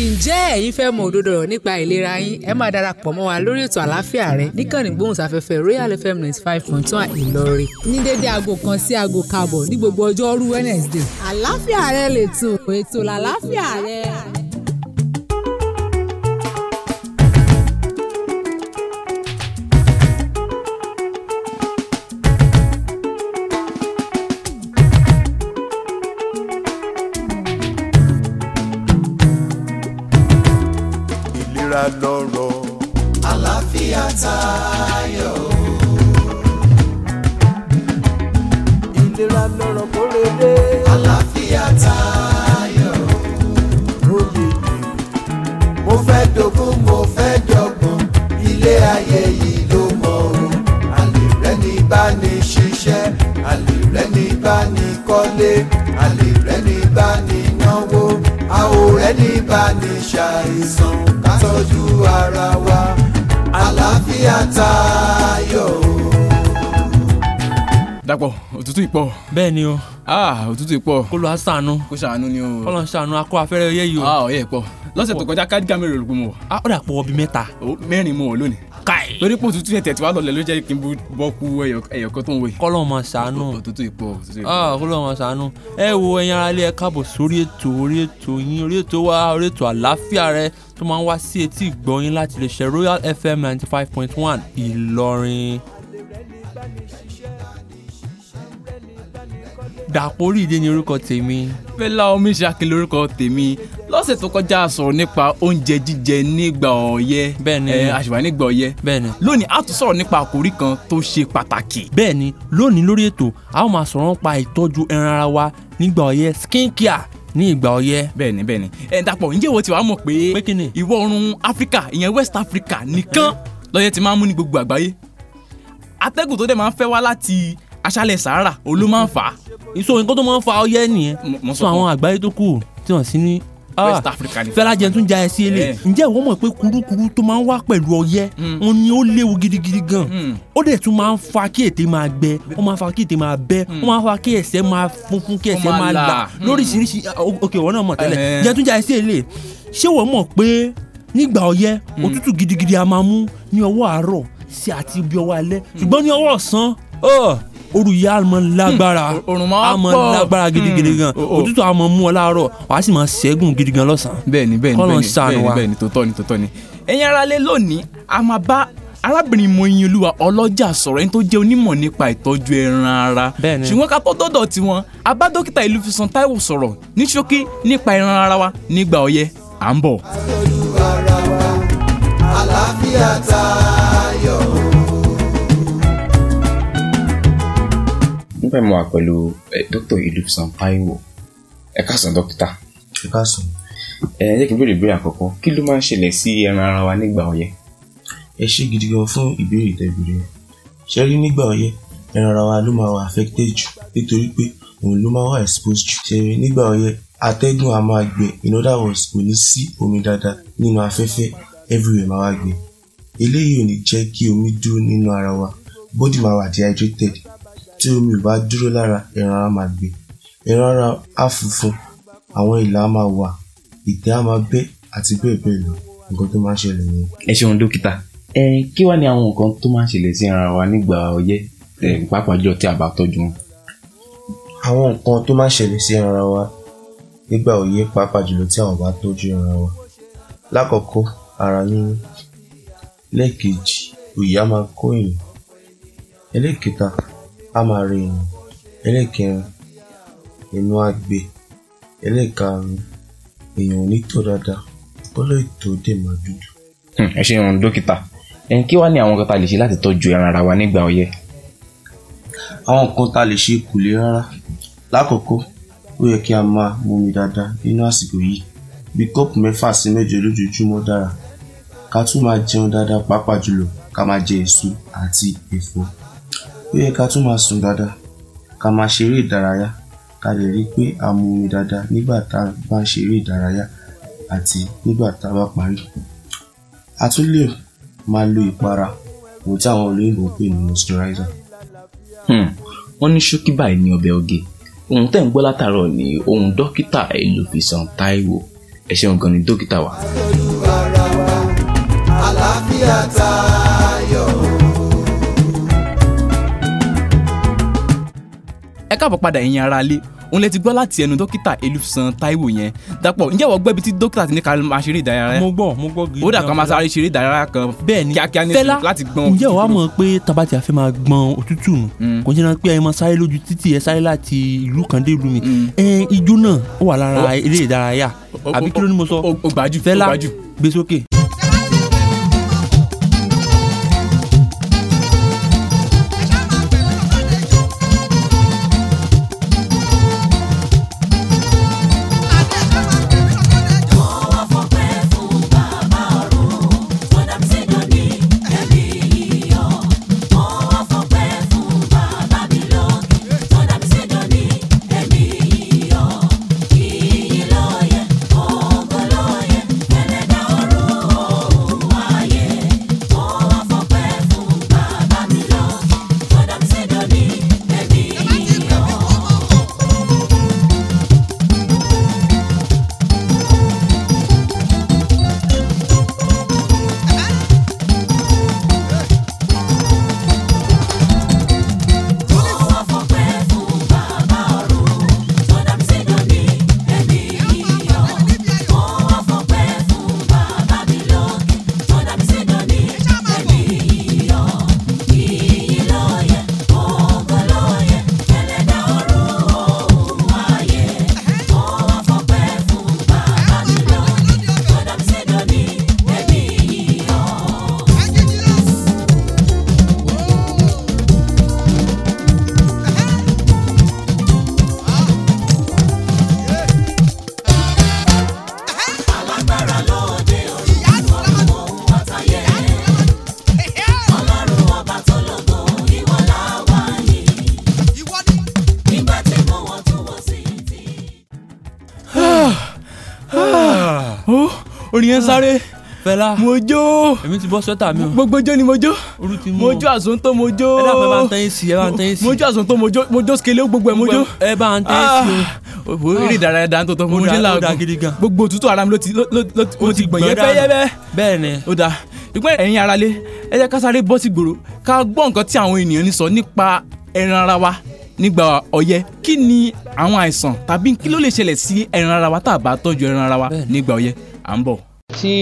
ǹjẹ́ ẹ̀yin fẹ́ mọ òdodo ọ̀rọ̀ nípa ìlera yín ẹ máa darapọ̀ mọ́ wa lórí ètò àlàáfíà rẹ níkànnì gbóhùnsáfẹ́fẹ́ Royal FM ninety five point one Ìlọrin ní dédé aago kan sí aago kabọ̀ ní gbogbo ọjọ́rú Wednesday àlàáfíà rẹ lè tún ètò làlàáfíà rẹ. wálé àlè rẹ ní bá ní náwó a rẹ ní bá ní ṣàìsàn ká tọ́jú ara wa àlàáfíà tayọ. dàpọ̀ òtútù ìpọ̀. bẹ́ẹ̀ ni o. ah òtútù ìpọ̀. kó lọ àṣàánú. kó ṣàánú ni o. kọ́lọ́ ń akọ afẹ́rẹ́ yẹ́ yìí o. ah ọ̀yẹ́ ìpọ̀ lọ́sẹ̀ tó kọjá káàdì kámẹ́rà ló gbọ́ mọ́. ah ó dà pọ̀ ọbí mẹ́ta. mẹ́rin mo wọ̀ lónìí káì. lórí pò tuntun yẹn tẹ̀tí wà lọ́lẹ̀ ló jẹ́ kí n bọ́ kú ẹ̀yọ̀kọ́ tó ń wẹ̀. kọ́lọ̀ mọ̀ sànú òtútù ìpò òtútù ìpò. Ah, kọ́lọ̀ mọ̀ sànú ẹ wo ẹ̀yin aráalé ẹ káàbọ̀ sórí ètò orí ètò yín orí ètò wa orí ètò àlàáfíà rẹ tó máa ń wá sí etí ìgbọ̀yìn láti lè ṣe Royal FM ninety five point one Ìlọrin. Dàpọ̀ Oríyìdé ni orúkọ tèmi. Fẹ́lá Omiṣakin lórúkọ lọ́sẹ̀ tó kọjá sọ̀rọ̀ nípa oúnjẹ jíjẹ nígbà ọ̀yẹ́ bẹ́ẹ̀ni ẹ nígbà ọ̀yẹ́ bẹ́ẹ̀ni lónìí a tún sọ̀rọ̀ nípa àkòrí kan tó ṣe pàtàkì. bẹ́ẹ̀ni lónìí lórí ètò a ó máa sọ̀rọ̀ nípa ìtọ́jú ẹran ara wa nígbà ọ̀yẹ́ skin care ní ìgbà ọyẹ. bẹ́ẹ̀ni bẹ́ẹ̀ni ẹ dàpọ̀ ǹjẹ́ wo ti wàá mọ̀ pé ìwọ̀ oòrùn Áfíríkà ìyẹn West Africa nìkan lọ́yẹ ti máa ń mú ní gbogbo àgbáyé atẹ́gùn tó dẹ̀ máa ń fẹ́ wá láti aṣálẹ̀ Sahara olú máa ń fà á. ìṣòro nǹkan tó máa ń fa ọyẹ́ nìyẹn sọ àwọn àgbáyé tó kù tí wọ́n sì ní Ah, West Africa ni. fẹ́lá jẹun tún ja ẹ sí ele eh. ǹjẹ́ ìwọ mọ̀ pé kurukuru tó máa ń wá pẹ̀lú ọyẹ́ hmm. òun ni ó léwu gidigidi gan hmm. ó dẹ̀ tún máa ń fa kí ètè máa gbẹ ó máa fa kí ètè máa bẹ́ ó hmm. máa fa kí ẹsẹ̀ máa funfun kí ẹsẹ̀ máa là lóríṣiríṣi òkè ah, ìwọ náà mọ̀ tẹ́lẹ̀ eh. jẹun tún ja ẹ sí ele ṣé ìwọ mọ̀ pé nígbà ọyẹ́ òtútù gidigidi a máa mú ní ọwọ́ àárọ̀ sí àti ibi ọwọ́ alẹ́ ṣùgbọ́n ní ọwọ́ ọ̀sán oh, òru yìí a hmm. máa lágbára a máa lágbára gidigidi hmm. gan òtútù a máa mú ọ láàárọ̀ wàá sì máa ṣẹ́gun gidi gan lọ́sàn-án. bẹ́ẹ̀ni bẹ́ẹ̀ni bẹ́ẹ̀ni tó tọ́ ni tó tọ́ ni. ẹ̀yin ara lé lónìí a máa bá arábìnrin Mọ́yìnolúwa ọlọ́jà sọ̀rọ̀ ẹni tó jẹ́ onímọ̀ nípa ìtọ́jú ẹran ara ṣùgbọ́n ká tó dọ̀dọ̀ tiwọn a bá dókítà Ìlúfisàn Táíwò sọ̀rọ̀ ní ṣókí nípa ẹran ara wa nígbà ọyẹ́ à ń bọ̀. àlàáfíà tayọ. pẹ́ mo wà pẹ̀lú eh, dr ilufsan Táíwò ẹ káàsán dókítà. ẹ káàsán. Eh, ẹ jẹ́ kí n béèrè ìbéèrè àkọ́kọ́ kí ló máa ń ṣẹlẹ̀ sí ẹran ara wa nígbà ọyẹ́. ẹ ṣé gidi gan fún ìbéèrè ìtẹ̀bìrì rẹ ṣe rí nígbà ọyẹ́ ẹran ara wa ló máa wà affected jù nítorí pé òun ló máa wà exposed jù ṣe rí nígbà ọyẹ́ atẹ́gùn a máa gbẹ in other words kò ní sí omi dáadáa nínú afẹ́fẹ́ everywhere máa wá gbẹ eléyìí ò ní jẹ́ kí omi dúró nínú ara wa body máa wà dehydrated tí omi ò bá dúró lára ẹran á máa gbẹ ẹran ara á funfun àwọn ìlà á máa wà ìtẹ́ á máa bẹ́ àti bẹ́ẹ̀ bẹ́ẹ̀ lọ nǹkan tó máa ń ṣẹlẹ̀ nìyẹn. ẹ ṣeun dókítà ẹ kí wàá ní àwọn nǹkan tó máa ń ṣẹlẹ̀ sí ara wa nígbà ọyẹ́ pàápàá jọ tí a bá tọ́jú wọn. àwọn nǹkan tó máa ṣẹlẹ̀ sí ara wa nígbà ọyẹ́ pàápàá jùlọ tí àwọn bá tọ́jú ara wa lákọ̀ọ́kọ́ ara yíyún lẹ́ẹ̀kejì òyì máa kó èèyàn ẹlẹ́ẹ̀kẹta á máa rẹ èèyàn ẹlẹ́ẹ̀kẹrin ẹnu á gbẹ ẹlẹ́ẹ̀karùn-ún èèyàn ò ní tọ̀ dáadáa kọ́lọ́ ìtọ̀ dẹ̀ máa dúdú. Hmm, ẹ ṣeun dókítà kí wàá ní àwọn nǹkan tá a lè ṣe láti tọ́jú ẹran ara wa nígbà ọyẹ́. àwọn nǹkan tá a lè ṣe kò le rárá lákòókò ó yẹ kí a máa mumi dáadáa nínú àsìkò yìí bí kọ́ọ̀pù mẹ́fà sí mẹ́jọ lójoojúmọ́ dára ká tún máa jẹun dáadáa pàápàá jùlọ ká máa jẹ èso àti ẹ̀fọ́ ó yẹ ká tún máa sùn dáadáa, ká máa ṣeré ìdárayá, ká lè rí pé a mu omi dáadáa nígbà tá a bá ń ṣeré ìdárayá àti nígbà tá a bá parí. A tún lè máa lo ìpara ohun tí àwọn olóyìnbó ń pè ní moisturizer. Hmm, wọ́n ní ṣókí báyìí ní ọbẹ̀ oge. Ohun tẹ́ ń gbọ́ látàárọ̀ ni ohun dókítà Ẹlòfisàn Táíwò. Ẹ ṣeun gan ni dókítà wa. Àlàáfíà ta. ẹ káàbọ̀ padà ẹ̀yin ara lé òun lè ti gbọ́ láti ẹnu dókítà elúfsàn táíwò yẹn dàpọ̀ ǹjẹ́ wọ́n gbẹ́bi tí dókítà ti ní ká máa ṣeré ìdárayá. mo gbọ́ mo gbọ́ gidi. ó dà ká máa sáré ṣeré ìdárayá kan kíákíá ní ǹjẹ́ wàá mọ̀ pé tabati àfẹ́ máa gbọ́n òtútù nù mm. kò ṣe náà pé ẹ máa sáré lójú títì ẹ sáré láti ìlú kan dé ìlú mi mm. ẹ ijó náà ó wà lára eré ìdárayá àbí kí ló ní mo sọ fẹ́lá gbé yẹn sáré fẹlá mo jó èmi ti bọ́ sọ́tà mi o gbogbo jó ni mo jó olú ti mú o mo jó àsóńtó mo jó ẹ dàpẹ́ bá ń tẹ́ èsì ẹ bá ń tẹ́ èsì mo jó àsóńtó mo jó mo jó skele gbogbo ẹ mo jó ẹ bá ń tẹ́ èsì o òwò ah. eré ah. ìdárayá dáńtò tó mo ṣe làágùn gbogbo òtútù ara mi ló ti ló ti gbọ̀n yẹ́pẹ́yẹ́pẹ́ bẹ́ẹ̀ ni ó dáa ìpín ẹ̀yin aráalé ẹ jẹ́ ká sáré bọ́ sí gbòòrò ká gbọ́ nǹkan tí àwọn ènìyàn ń sọ nípa ẹran ara wa nígbà ọyẹ́ kí ni àwọn àìsàn tàbí kí ló lè ṣẹlẹ̀ sí ẹran ara wa tá a bá tọ́jú ẹran ara wa nígbà ọyẹ́ à ń bọ̀. Tí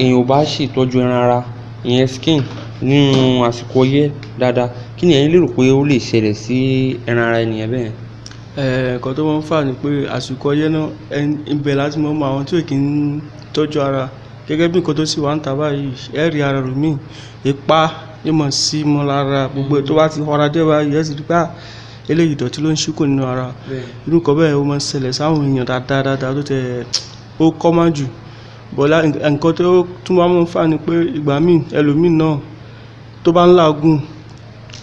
èèyàn ò bá ṣe ìtọ́jú ẹran ara, ìyẹn skin nínú àsìkò ọyẹ́ dáadáa, kí ni ẹ̀yin lérò pé ó lè ṣẹlẹ̀ sí ẹran ara ènìyàn bẹ́ẹ̀? Ehn, nǹkan tó máa ń fà á ni pé àsìkò ọyẹ́ náà, ibẹ̀ láti máa mọ àwọn tí ò kí ń tọ́jú ara. Gẹ́gẹ́ bí nǹkan tó sì wà níta báyìí, ẹ rí ara ẹlòmíì, ipá yóò máa sí mọ́ lára, gbogbo tó bá ti rọra dié báyìí, ẹ sì rí pé à, ah, eléyìí ìdọ̀tí ló ń ṣí nínú ara. Irú nǹkan bẹ́ẹ̀ ó máa ń ṣẹlẹ̀ sáwọn èèyàn dáadáa dáadáa tó tẹ́, ó common jù bọ̀lá nǹkan tó tún wá mú fà ni pé ìgbà míì ẹlòmíì náà tó bá ń làágùn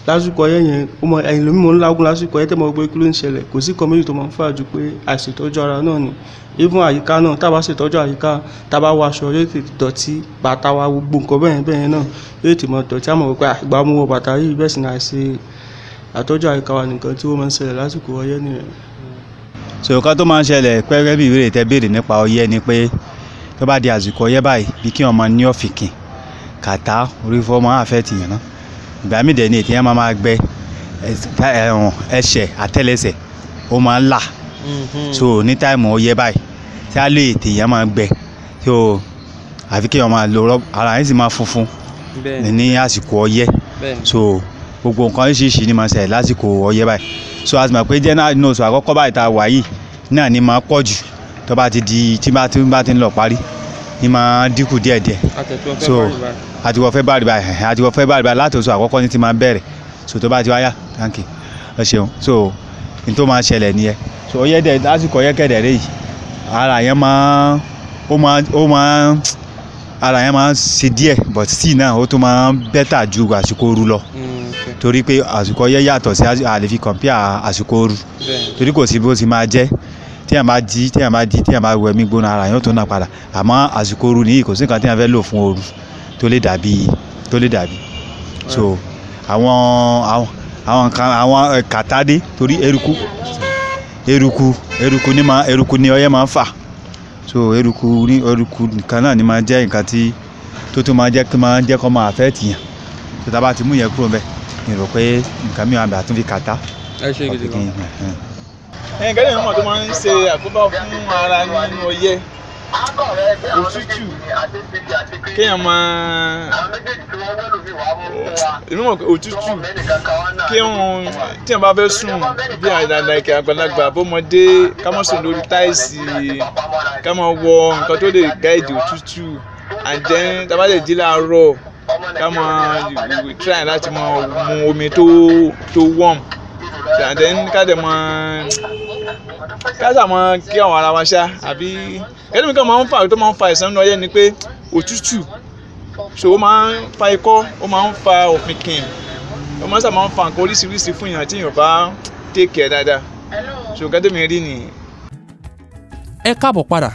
lásìkò ọyẹ́ yẹn ó mọ ẹlòmíì mọ̀ ń làágùn lásìkò ọyẹ́ tẹ̀ mọ́ pé kí ló ń ṣẹlẹ̀ kò sí kan méjì tó máa ń fà ju pé àìṣètọ́jú ara náà ni even àyíká náà tá ṣètọ́jú àyíká tá wọ aṣọ yóò tètè dọ̀tí bàtà wa gbogbo nǹkan bẹ́ẹ̀ bẹ́ẹ̀ náà yóò tètè mọ dọ̀tí àmọ́ pé ìgbà mú wọ bàtà yìí bẹ́ẹ̀ sì náà ṣe àtọ́jú àyíká wa nìkan tí ó máa ń ṣẹlẹ̀ lásìkò ọyẹ́ nìyẹn. sọ̀rọ̀ kan tó máa ń ṣẹlẹ̀ pẹ́rẹ́ bí ìbéèrè tẹ béèrè nípa ọyẹ́ ni pé tó bá di àsìkò ọyẹ́ báyìí bí kí ọmọ ní ọ̀fìnkìn kàtá orí fọ́ máa fẹ́ tìyàn ná ìgbà mí dẹ̀ ni ètìyàn máa máa gbẹ ẹsẹ̀ àtẹ́lẹsẹ̀ ó máa ń là mm-hmm. so ní táìmù ọyẹ́ báyìí tí a lè ètìyàn máa gbẹ so àfi kí ọmọ lo rọ́bà ara yẹn sì máa funfun ní àsìkò ọyẹ́ so gbogbo nǹkan oríṣiríṣi ni máa ṣẹlẹ̀ lásìkò ọyẹ́ báyìí so àti mọ̀ pé general nose àkọ́kọ́ báyìí tá a wà yìí náà ni máa pọ̀ jù tó bá ti di tí bá ti bá ti ń lọ parí ni máa dínkù díẹ̀ díẹ̀ so àti wọ́n fẹ́ bá rí báyìí àti wọ́n fẹ́ bá rí báyìí láti oṣù àkọ́kọ́ ni ti máa bẹ̀rẹ̀ so tó bá ti wáyà thank you ẹ ṣeun so n tó máa ṣẹlẹ̀ nìyẹn so ọyẹ dẹ lásìkò ọyẹ kẹdẹ rẹ yìí ara yẹn máa ó máa ó máa ara yẹn máa ń ṣe díẹ̀ but still náà ó tún máa ń bẹ́tà ju àsìkò ooru lọ mm, torí pé àsìkò ọyẹ yàtọ̀ sí àlefi compare àsìkò ooru torí kò sí bó ti máa jẹ́ tí èèyàn bá jí tí èèyàn bá jí tí èèyàn bá wẹ mí gbóná ara yẹn ó tún nà padà àmọ́ àsìkò ooru nìyí kò sí nǹkan tí èèyàn fẹ́ lò fún ooru tó lè dàbí tó lè dàbí so àwọn àwọn àwọn nǹkan àwọn eh, kàtádé torí eruku eruku eruku ni máa eruku ni ọyẹ́ máa fà so eruku ní eruku nìkan náà ni máa jẹ́ nǹkan tí tó tún máa jẹ́ kí máa jẹ́ kó máa fẹ́ tìyàn tó tá a bá ti mú yẹn kúrò mbẹ́ ìrò pé nǹkan mìíràn àbí àtúnfi kàtá. ẹ ṣe nǹkan ní ìmọ̀ tó máa ń ṣe àkóbá fún ara nínú ọyẹ́ òtútù kéèyàn máa ìmọ̀ òtútù kéèyàn tíyàn bá fẹ́ sùn bí àdàdà ìkẹ́ àgbàlagbà bọ́mọdé ká má sùn lórí táìsì ká má wọ nǹkan tó lè gáìdì òtútù àjẹ́ tábà lè jí láàárọ̀ ká má try láti má mu omi tó warm ṣàǹtẹ̀ ń kájẹ̀ mọ́ káṣà mọ́ kí àwọn ara wa ṣá àbí ẹni kan máa ń fa tó máa ń fa ìsan nínú ọyẹ́ ni pé òtútù so ó máa ń fa ikọ́ ó máa ń fa òfìnkìn ó máa ń sábà máa ń fa nǹkan oríṣiríṣi fún èèyàn tí èèyàn bá tèkì ẹ̀ dáadáa so nǹkan tèmi rí nìyí. ẹ káàbọ̀ padà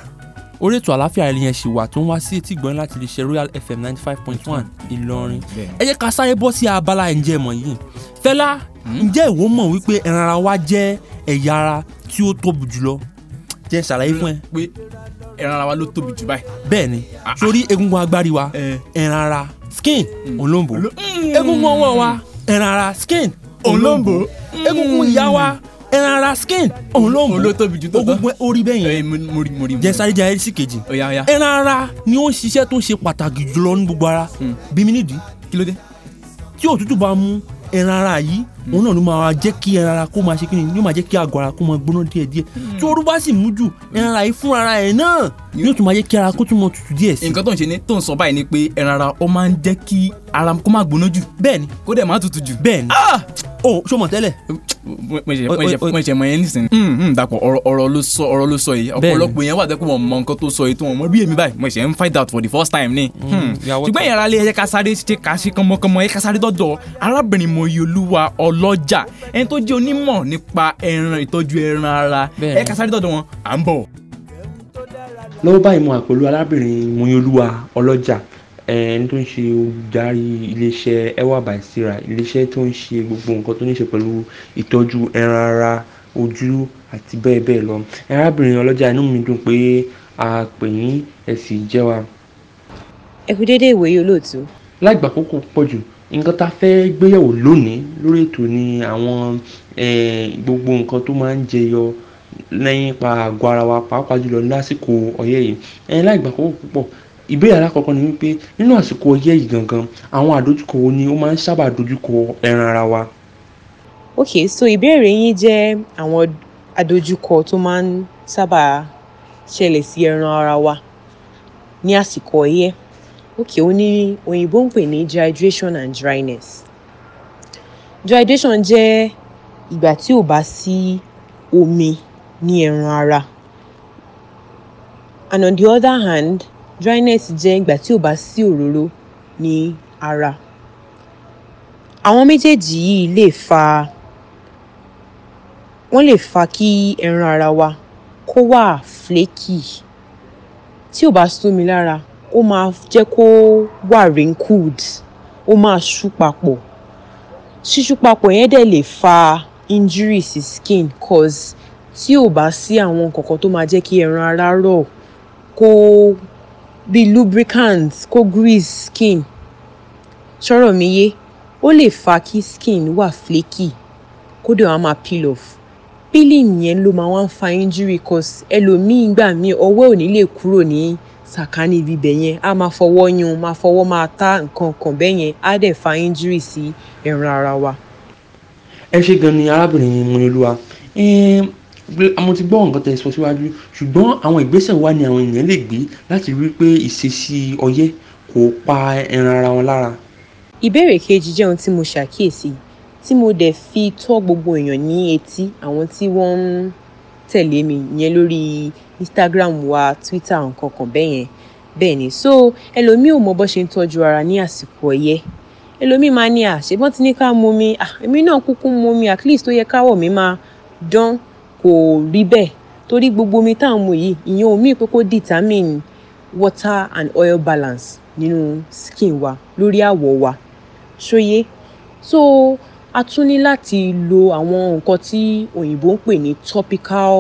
orí ètò àlàáfíà ilé yẹn ṣì wà tó ń wá sí etí gbọ́n láti lè ṣe Royal FM ninety five point one Ìlọrin ẹ jẹ́ ká sáré bọ́ sí abala ẹ̀ǹjẹ̀ mọ̀ yìí Fẹ́lá Hmm? ǹjẹ́ ìwọ mọ̀ wípé ẹran ara wa jẹ́ ẹ̀yà ara tí ó tóbi jùlọ jẹ́ ṣàlàyé fún ẹ. pé ẹran ara wa ló tóbi jù báyìí. bẹ́ẹ̀ni ah. sórí egungun agbárí wa eh. ẹran ara skin hmm. olóńbó hmm. egungun ọwọ́ wa ẹran ara skin olóńbó egungun ìyá wa ẹran ara skin olóńbó ló tóbi jù tó tán ogungun orí bẹ́yìn eh, jẹ́ sáré jẹ́ ẹrísì kejì oh, ẹran ara ni ó ń ṣiṣẹ́ tó ṣe pàtàkì jùlọ ní gbogbo ara bí mi nídìí kí ló dé tí òtútù bá mú ẹran ara yìí hmm. òun náà ló máa jẹ́ kí ẹran ara kó máa ṣe kíni yóò máa jẹ́ kí àgọ́ ara kó máa gbóná díẹ̀ díẹ̀ hmm. tí ooru bá sì mú jù ẹran ara yìí fún ara ẹ̀ náà yóò tún máa jẹ́ kí ara kó tún mọ tutù díẹ̀ sí. nǹkan tó ń ṣe ni tó ń sọ báyìí ni pé ẹran ó máa ń jẹ́ kí ara kó máa gbóná jù. bẹ́ẹ̀ni kó dẹ̀ máa tutù jù. bẹ́ẹ̀ni ah! o ṣó mọ̀ tẹ́lẹ̀. mo ṣe mọ yẹn nísìnyí. Hmm, hmm, dàpọ̀ ọ̀rọ̀ ló sọ ọ̀rọ̀ ló sọ yìí ọ̀pọ̀lọpọ̀ yẹn wà tẹ́kùn wọn mọ nǹkan tó sọ yìí tó wọn mọ bí èmi báyìí mo ṣe ń find out for the first time ni. Hmm, ṣùgbọ́n yàrá lè ẹ̀ka sáré ṣe ká ṣe kánmọ́kánmọ́ ẹ̀ka sáré dọ́dọ̀ arábìnrin Mọ́yìolúwa Ọlọ́jà ẹni tó jẹ́ onímọ̀ nípa ẹran ìtọ́jú ẹran ara ẹ̀ka sáré dọ́dọ̀ wọn à ń bọ̀. lọ́wọ́ báyìí mo àpèlú arábìnrin Mọ́yìolúwa Ọlọ́jà Eh, ẹni tó ń ṣe olùdarí iléeṣẹ́ Ewa by Sira, iléeṣẹ́ tó ń ṣe gbogbo nǹkan tó ní ṣe pẹ̀lú ìtọ́jú ẹran ara, ojú àti bẹ́ẹ̀ bẹ́ẹ̀ lọ. Arábìnrin ọlọ́jà inú mi dùn pé a pè yín, ẹ sì jẹ́ wa. Ẹ kú dédé ìwòyí olóòtú. Láì gbà kókó pọ̀ jù, nǹkan tá a fẹ́ gbéyẹ̀wò lónìí lórí ètò ni àwọn eh, gbogbo nǹkan tó máa ń jẹyọ lẹ́yìn pa àgọ́ ara wa pàápàá jùlọ lásìkò ọyẹ́ yìí. Ẹ eh, láì gbà kókó púpọ̀, ìbéèrè alákọ̀ọ́kọ́ ni wípé nínú àsìkò ọyẹ́ yìí gangan àwọn àdójúkọ wo ni ó máa ń sábà dojúkọ ẹran ara wa. ok so ìbéèrè yín jẹ́ àwọn àdójúkọ tó máa ń sábà ṣẹlẹ̀ sí ẹran ara wa ní àsìkò ọyẹ́ ok ó ní òyìnbó ń pè ní dehydration and dryness dehydration jẹ́ ìgbà tí ò bá sí omi ní ẹran ara and on the other hand dryness jẹ́ ìgbà tí ò bá sí òróró ní ara àwọn méjèèjì yìí lè fa wọ́n lè fa kí ẹran ara wa kó wà flaky tí ò bá sómi lára ó máa jẹ́ kó wà wrinkled ó máa ṣú papọ̀ ṣíṣú papọ̀ yẹn dẹ̀ lè fa injury skin cause tí ò bá sí àwọn nǹkan kan tó máa jẹ́ kí ẹran ara rọ̀ kó bíi lubricant kó grease skin ṣọ́rọ̀ mi yé ó lè fa kí skin wà flaky kódà wá máa peel off peeling yẹn ló máa wá ń fa injury cause ẹlòmíì gbà míì ọwọ́ ò ní lè kúrò ní sàkání ibi ibẹ̀ yẹn á máa fọwọ́ yun máa fọwọ́ máa ta nǹkan kan bẹ́ẹ̀ yẹn á dẹ̀ fa injury sí ẹran ara wa. ẹ ṣe gan ni arábìnrin mi ní olúwa mo ti gbọ́ nǹkan tẹ̀ sọ síwájú ṣùgbọ́n àwọn ìgbésẹ̀ wa ni àwọn èèyàn lè gbé láti rí i pé ìṣesí ọyẹ́ kò pa ẹran ara wọn lára. ìbéèrè kejì jẹ́ ohun tí mo ṣàkíyèsí tí mo dẹ̀ fi tó gbogbo èèyàn ní etí àwọn tí wọ́n ń tẹ̀lé mi yẹn lórí Instagram wa Twitter nǹkan kan bẹ́ẹ̀ yẹn bẹ́ẹ̀ ni so ẹlòmíì ò mọ bó ṣe ń tọ́jú ara ní àsìkò ọyẹ́ ẹlòmíì máa ní àṣebọ́n ti ní ká mú mi èmi náà kúkú mú mi at least ó yẹ káwọ̀ mi máa dán kò rí bẹ́ẹ̀ torí gbogbo omi tá à ń mu yìí ìyẹn omi pé kó determine water and oil balance nínú skin wa lórí àwọ̀ wa ṣóyé so a tún ní láti lo àwọn nǹkan tí òyìnbó ń pè ní topical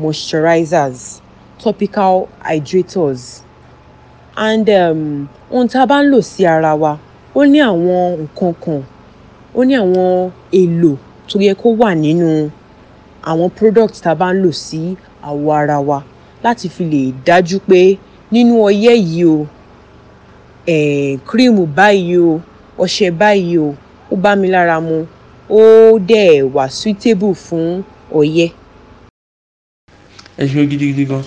moisturizers topical hydrators and um, ohun tá a bá ń lò sí ara wa ó ní àwọn nǹkan kan ó ní àwọn èlò tó yẹ kó wà nínú àwọn product tá a bá ń lò sí àwọ̀ ara wa láti fi lè dájú pé nínú ọyẹ́ yìí o kírìmù eh, báyìí o ọṣẹ báyìí o ó bá mi lára mu ó dẹ̀ wà suitable fún ọyẹ́. ẹ ṣe gidigidi gan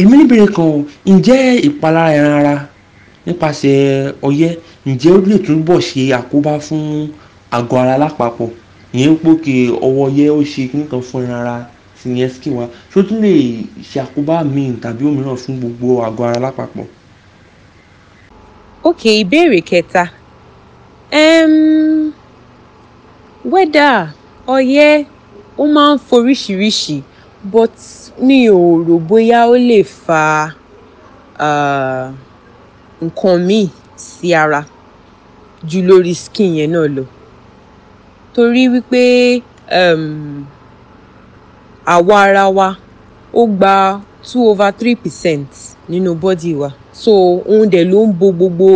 èmi níbèrè kan o ǹjẹ́ ìpalára ẹran ara nípasẹ̀ ọyẹ́ ǹjẹ́ ó lè túbọ̀ ṣe àkóbá fún àgọ́ ara lápapọ̀ ìyẹn ń pòkè ọwọ́ yẹ ó ṣe kíní fún ẹran ara sí ìyẹn skin wa ṣó tún lè ṣe àkóbá míì tàbí òmíràn fún gbogbo àgọ́ ara lápapọ̀. ok ìbéèrè kẹta um, wẹ́dà ọyẹ́ ó máa ń foríṣiríṣi but mi ò rò bóyá ó lè fa uh, nǹkan míì sí ara jù lórí skin yẹn náà lọ torí wípé um, àwọ̀ ara wa ó gba two over three percent nínú bọ́dì wa so òun dẹ̀ ló ń bo gbogbo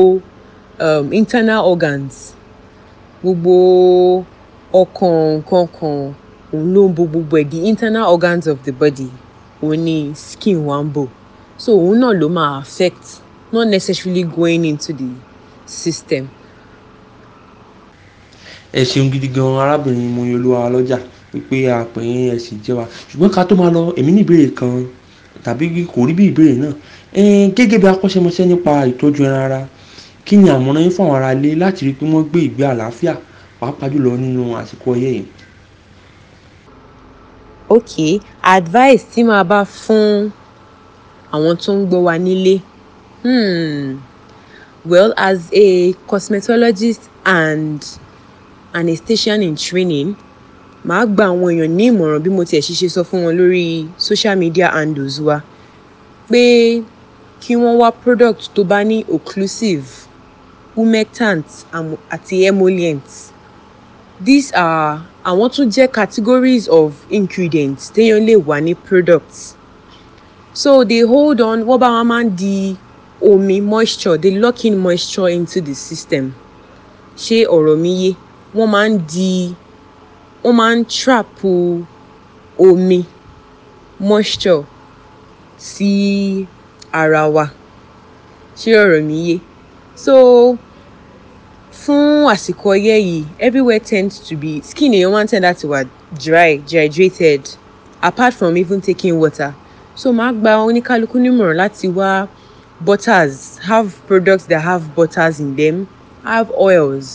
um, internal organs gbogbo ọkàn kankan òun ló ń bo gbogbo ẹ̀ the internal organs of the body òun ni skin wa ń bò so òun náà ló máa affect not necessarily going into the system. Ẹ gidi gan arábìnrin Moyolọ́wọ́lọ́jà wípé a pè yín ẹ sì Ṣùgbọ́n ká tó máa lọ, èmi ní ìbéèrè kan tàbí kò rí bí ìbéèrè náà. gẹ́gẹ́ bí akọ́ṣẹ́mọṣẹ́ nípa ìtọ́jú ẹran ara, kí ni àmọ̀ràn yín fún àwọn ará ilé láti rí pé wọ́n gbé ìgbé àlàáfíà, pàápàá jùlọ nínú àsìkò ọyẹ́ yìí? Okay, advice tí màá bá fún àwọn tó ń gbọ́ wa nílé. Hmm. Well, as a cosmetologist and anesthetician in training màá gba àwọn èèyàn ní ìmọ̀ràn bí mo tiẹ̀ ṣe sọ fún wọn lórí social media handles wa pé kí wọ́n wá product tó bá ní occlusive humectant àti emollient these are àwọn tún jẹ́ categories of ingredients téèyàn lè wà ní product so they hold on wọ́n bá wọn máa ń di omi moisture they lock in moisture into the system ṣé ọ̀rọ̀ mi yé? wọ́n máa ń di, wọ́n máa ń trap omi, moisture sí ara wa. Ṣé ọ̀rọ̀ mi yé? So, fún àsìkò ọyẹ́ yìí, everywhere tends to be, skin èèyàn máa ń tend láti wà dry, dehydrated, apart from even taking water. So, màá gba oníkálukú nímọ̀ràn láti wá butters, have products that have butters in them, have oils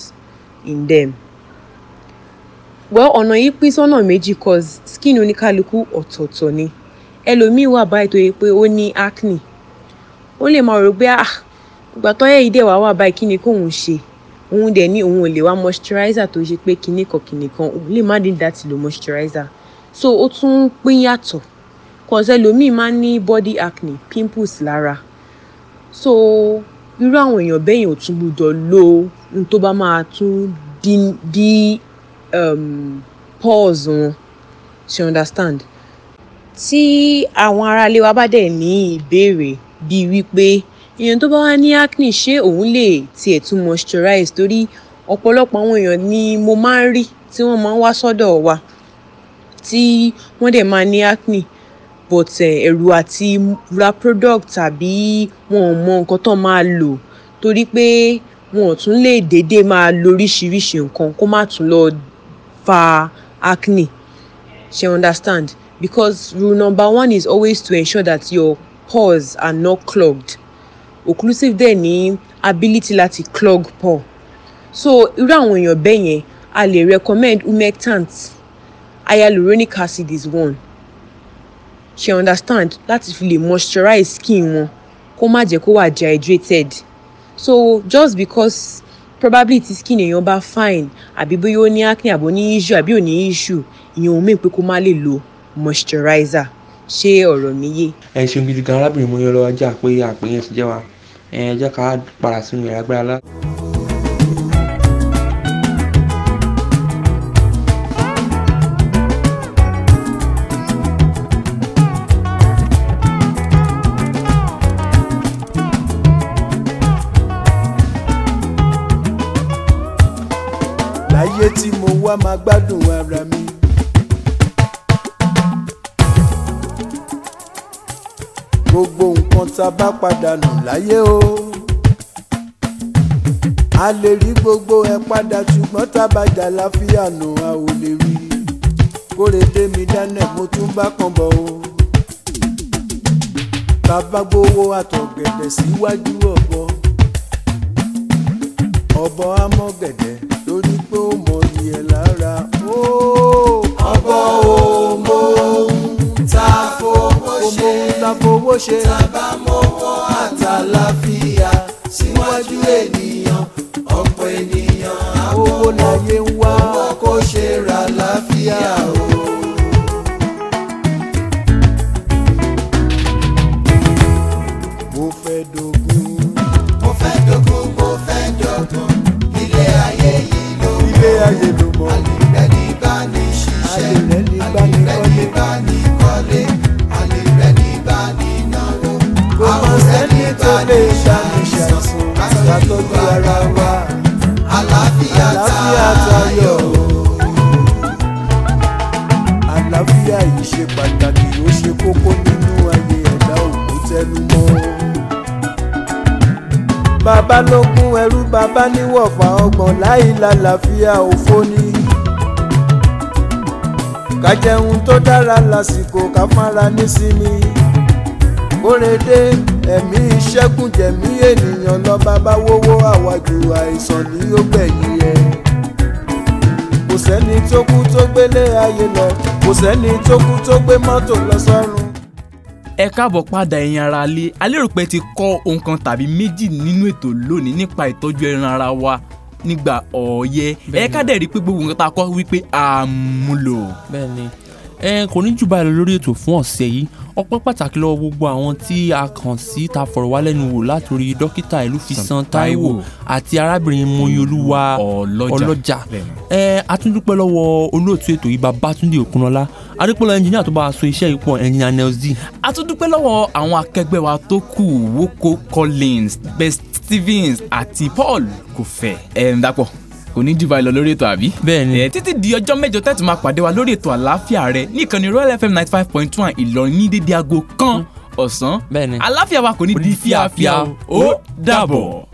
in them well ọ̀nà yìí pín sọ́nà méjì cause skin oníkálukú ọ̀tọ̀ọ̀tọ̀ ni ẹlòmíì wà báyìí tó yẹ pé ó ní acne ó lè máa rò pé ah ìgbà tó yẹ ìdè wà báyìí kí ni kóun ṣe òun dẹ̀ ní òun ò lè wá moisturizer tó ṣe pé kinní kan kinní kan òun lè má dín dátì lo moisturizer so ó tún pín yàtọ̀ cause ẹlòmíì máa ń ní body acne pimples lára so irú àwọn èèyàn bẹ́yìn ò tún gbúdọ̀ lo ohun tó bá máa tún dín dín um, pores wọn ṣe understand tí àwọn aráalé wa bá dẹ̀ ní ìbéèrè bíi wípé èèyàn tó bá wá ní acne ṣé òun lè tiẹ̀ tún moisturize torí ọ̀pọ̀lọpọ̀ àwọn èèyàn ni mo máa ń rí tí wọ́n máa ń wá sọ́dọ̀ wa tí wọ́n dẹ̀ máa ní acne but eh, ẹ̀rù àti ra product tàbí wọn ò mọ nǹkan tó máa lò torí pé wọn ò tún lè déédéé máa lo oríṣiríṣi nǹkan kó má tún lọ fa acne she understand because rule number one is always to ensure that your pores are not clogged occlusive dẹ̀ ní ability láti clog pore so irú àwọn èèyàn bẹ́ẹ̀ yẹn a lè recommend humectant hyaluronic acid is one she understand láti fi lè moisturize skin wọn kó má jẹ́ kó wà dehydrated so just because probably tí skin èèyàn bá fine àbí bóyá ó ní acne àbí ó ní issue àbí ò ní issue ìyẹn ò mean pé kó má lè lo moisturizer ṣé ọ̀rọ̀ mi yé. ẹ ṣeun gidi gan arábìnrin mo yan lọ ajá pé àpè yẹn ti jẹ́ wa ẹ jẹ́ ká padà sínú ìyàrá gbára tá bá pàdánù láyé o. a lè rí gbogbo ẹ padà ṣùgbọ́n tá bá jà láfíà nù a ò lè rí kóre tèmi dáná mo tún bá kàn bọ̀ o. bàbá gbowó àtọ̀gẹ̀dẹ̀ síwájú ọ̀bọ. ọ̀bọ amọ̀gẹ̀dẹ̀ lórí pé ó mọ iye lára. ṣe. tàbá àtàlàfíà síwájú ènìyàn ọ̀pọ̀ ènìyàn àpò owó kò ṣe ra láfíà o. mo fẹ́ dogun. mo fẹ́ dogun mo fẹ́ dogun ilé ayé yìí ló. gbogbo ara wa àlàáfíà tayọ. àlàáfíà yìí ṣe pàtàkì ó ṣe kókó nínú ayé ẹ̀dá òkú tẹnu mọ́. bàbá ló kún ẹrú bàbá níwọ̀fà ọgbọ̀n láì lálàáfíà òfó ni. ká jẹun tó dára lásìkò ká fara nísinmi. kórè dé ẹ̀mí ìṣẹ́gun jẹ̀mí ènìyàn lọ bàbá wówó àwàjù àìsàn ní ó gbẹ̀yìn ẹ̀. kò sẹ́ni tó kú tó gbélé ayé lọ kò sẹ́ni tó kú tó gbé mọ́tò lọ sọ́run. ẹ káàbọ̀ padà ẹ̀yin ara lé alérò pé ti kọ́ ohun kan tàbí méjì nínú ètò lónìí nípa ìtọ́jú ẹran ara wa nígbà ọ̀ọ́yẹ́ ẹ ká dẹ̀ rí pé gbogbo nǹkan tá a kọ́ wípé àmúlò. bẹ́ẹ̀ ni ẹ kò ní jù báyìí lọ lórí ètò fún ọ̀sẹ̀ yìí ọpẹ́ pàtàkì lọ́wọ́ gbogbo àwọn tí a kàn sí ta fọ̀rọ̀ wá lẹ́nu wò látòrí dókítà ìlúfiṣan Táíwò àti arábìnrin Moyolúwa Ọlọ́jà ẹ atúndúpẹ́ lọ́wọ́ olóòtú ètò yìí Babátúndé Òkúnọlá adépọ́lọ́ ẹnjìníà tó bá a so iṣẹ́ yìí pọ̀ ẹnjìníà Nels D. atúndúpẹ́ lọ́wọ́ àwọn akẹgbẹ́ wa tó kù Woko Collins Best Stevens àti Paul kò fẹ́ ẹ̀ ń dàpọ̀ kò ní jù báyìí lọ lórí ètò àbí. bẹ́ẹ̀ni. ẹ títí di ọjọ́ mẹ́jọ tẹ́tù máa pàdé wa lórí ètò àlàáfíà rẹ ní ìkànnì Royal FM ninety five point one Ìlọrin ní dédé aago kan hmm. ọ̀sán. bẹ́ẹ̀ni àlàáfíà wa kò ní di fíafíà ó dàbọ̀.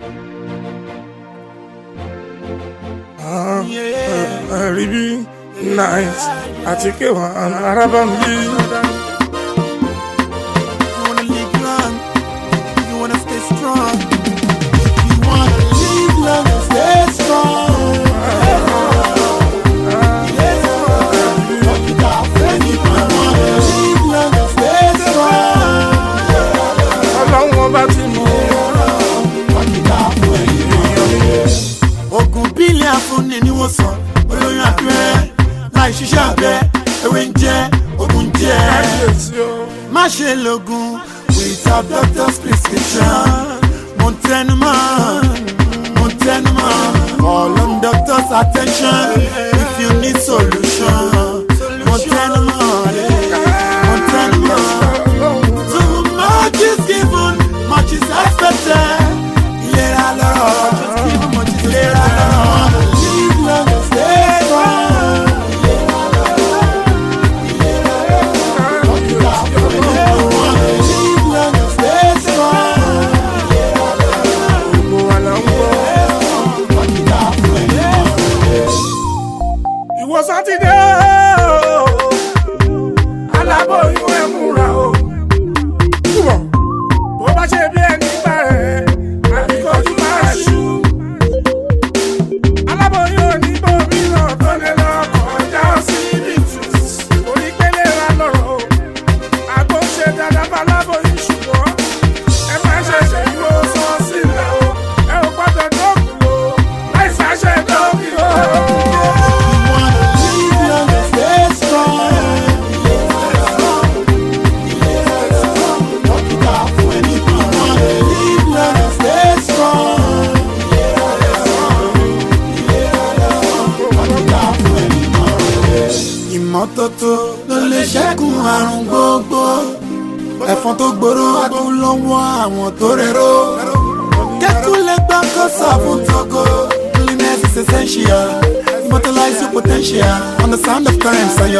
àríbí nice àti kéwà arábà ń strong.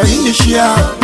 the initial